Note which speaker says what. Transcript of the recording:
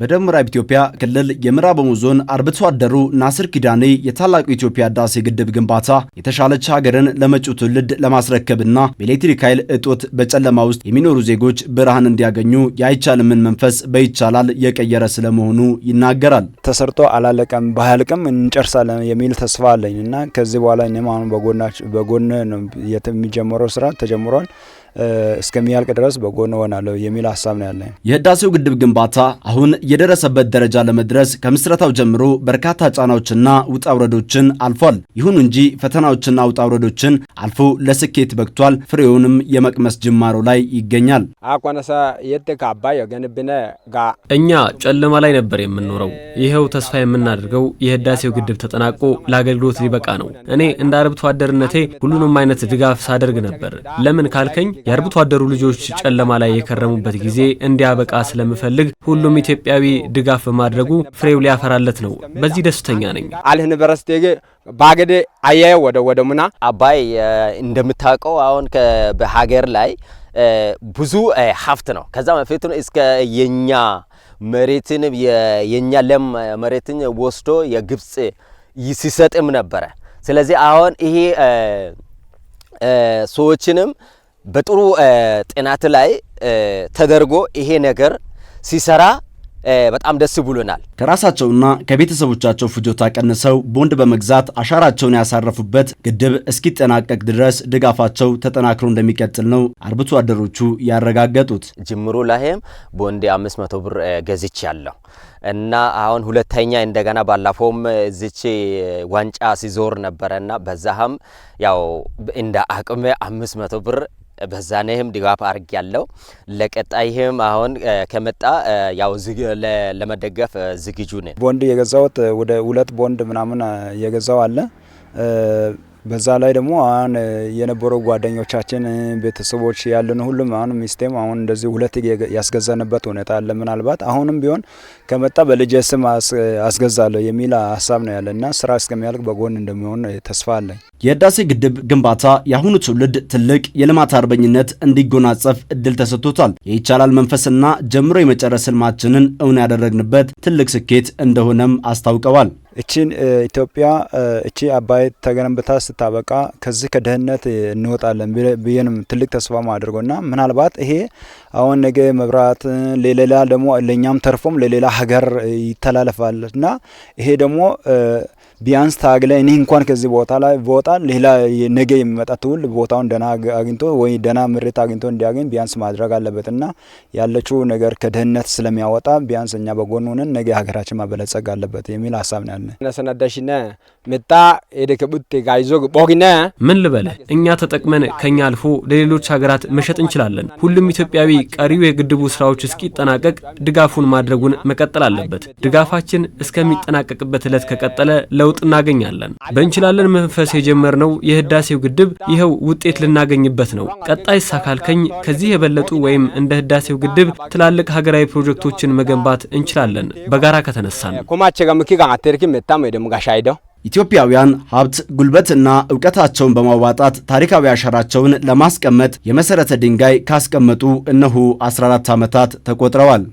Speaker 1: በደቡብ ምዕራብ ኢትዮጵያ ክልል የምዕራብ ኦሞ ዞን አርብቶ አደሩ ናስር ኪዳኔ የታላቁ ኢትዮጵያ ህዳሴ ግድብ ግንባታ የተሻለች ሀገርን ለመጪው ትውልድ ለማስረከብና በኤሌክትሪክ ኃይል እጦት በጨለማ ውስጥ የሚኖሩ ዜጎች ብርሃን እንዲያገኙ የአይቻልምን መንፈስ በይቻላል የቀየረ ስለመሆኑ ይናገራል።
Speaker 2: ተሰርቶ አላለቀም፣ በሀልቅም እንጨርሳለን የሚል ተስፋ አለኝ እና ከዚህ በኋላ እኔም አሁን በጎን ነው የሚጀምረው ስራ ተጀምሯል። እስከሚያልቅ ድረስ በጎን እሆናለሁ የሚል ሀሳብ ነው ያለኝ።
Speaker 1: የህዳሴው ግድብ ግንባታ አሁን የደረሰበት ደረጃ ለመድረስ ከምስረታው ጀምሮ በርካታ ጫናዎችና ውጣ ውረዶችን አልፏል። ይሁን እንጂ ፈተናዎችና ውጣ ውረዶችን አልፎ ለስኬት በቅቷል። ፍሬውንም የመቅመስ ጅማሮ ላይ ይገኛል።
Speaker 3: አቆነሰ የት የገንብነ ጋ
Speaker 1: እኛ ጨለማ ላይ ነበር የምንኖረው። ይኸው ተስፋ የምናደርገው የህዳሴው ግድብ ተጠናቆ ለአገልግሎት ሊበቃ ነው። እኔ እንደ አርብቶ አደርነቴ ሁሉንም አይነት ድጋፍ ሳደርግ ነበር። ለምን ካልከኝ የአርብቶ አደሩ ልጆች ጨለማ ላይ የከረሙበት ጊዜ እንዲያበቃ ስለምፈልግ ሁሉም ኢትዮጵያዊ ድጋፍ በማድረጉ ፍሬው ሊያፈራለት ነው። በዚህ ደስተኛ ነኝ።
Speaker 3: አልህን በረስቴ ባገዴ አያየው ወደ ወደ ሙና
Speaker 4: አባይ እንደምታውቀው አሁን በሀገር ላይ ብዙ ሀብት ነው። ከዛ በፊት እስከ የኛ መሬትን የኛ ለም መሬትን ወስዶ የግብፅ ሲሰጥም ነበረ። ስለዚህ አሁን ይሄ ሰዎችንም በጥሩ ጥናት ላይ ተደርጎ ይሄ ነገር ሲሰራ በጣም ደስ ብሎናል።
Speaker 1: ከራሳቸውና ከቤተሰቦቻቸው ፍጆታ ቀንሰው ቦንድ በመግዛት አሻራቸውን ያሳረፉበት ግድብ እስኪጠናቀቅ ድረስ ድጋፋቸው ተጠናክሮ እንደሚቀጥል ነው አርብቶ አደሮቹ ያረጋገጡት።
Speaker 4: ጅምሩ ላይም ቦንድ መቶ ብር ገዝች ያለው እና አሁን ሁለተኛ እንደገና ባለፈውም እዚች ዋንጫ ሲዞር ነበረና በዛህም ያው እንደ አቅሜ መቶ ብር በዛኔህም ድጋፍ አርግ ያለው ለቀጣይህም አሁን ከመጣ ያው ለመደገፍ ዝግጁ ነን።
Speaker 2: ቦንድ የገዛውት ወደ ሁለት ቦንድ ምናምን የገዛው አለ በዛ ላይ ደግሞ አሁን የነበረው ጓደኞቻችን ቤተሰቦች ያለን ሁሉም አሁን ሚስቴም አሁን እንደዚህ ሁለት ያስገዛንበት ሁኔታ አለ። ምናልባት አሁንም ቢሆን ከመጣ በልጅ ስም አስገዛለሁ የሚል ሀሳብ ነው ያለ እና ስራ እስከሚያልቅ በጎን እንደሚሆን ተስፋ አለኝ።
Speaker 1: የህዳሴ ግድብ ግንባታ የአሁኑ ትውልድ ትልቅ የልማት አርበኝነት እንዲጎናጸፍ እድል ተሰጥቶታል። የይቻላል መንፈስና ጀምሮ የመጨረስ ህልማችንን እውን ያደረግንበት ትልቅ ስኬት እንደሆነም አስታውቀዋል።
Speaker 2: እቺን ኢትዮጵያ እቺ አባይ ተገንብታ ስታበቃ ከዚህ ከድህነት እንወጣለን ብዬንም ትልቅ ተስፋ ማድርገው እና ምናልባት ይሄ አሁን ነገ መብራት ለሌላ ደግሞ ለእኛም ተርፎም ለሌላ ሀገር ይተላለፋል እና ይሄ ደግሞ ቢያንስ ታግለ እኔ እንኳን ከዚህ ቦታ ላይ ቦታ ሌላ ነገ የሚመጣ ትውል ቦታውን ደና አግኝቶ ወይ ደና ምርት አግኝቶ እንዲያገኝ ቢያንስ ማድረግ አለበትና ያለችው ነገር ከደህንነት ስለሚያወጣ ቢያንስ እኛ በጎን ሆነን ነገ ሀገራችን ማበለጸግ አለበት የሚል ሀሳብ ነው ያለ።
Speaker 3: ነሰናዳሽነ ምጣ የደከቡት ጋይዞ ቦግነ
Speaker 1: ምን ልበለ እኛ ተጠቅመን ከኛ አልፎ ለሌሎች ሀገራት መሸጥ እንችላለን። ሁሉም ኢትዮጵያዊ ቀሪው የግድቡ ስራዎች እስኪጠናቀቅ ድጋፉን ማድረጉን መቀጠል አለበት። ድጋፋችን እስከሚጠናቀቅበት እለት ከቀጠለ ለውጥ እናገኛለን። በእንችላለን መንፈስ የጀመርነው የህዳሴው ግድብ ይኸው ውጤት ልናገኝበት ነው። ቀጣይ ሳካልከኝ ከዚህ የበለጡ ወይም እንደ ህዳሴው ግድብ ትላልቅ ሀገራዊ ፕሮጀክቶችን መገንባት እንችላለን በጋራ ከተነሳን። ኢትዮጵያውያን ሀብት ጉልበትና እውቀታቸውን በማዋጣት ታሪካዊ አሻራቸውን ለማስቀመጥ የመሰረተ ድንጋይ ካስቀመጡ እነሆ 14 ዓመታት ተቆጥረዋል።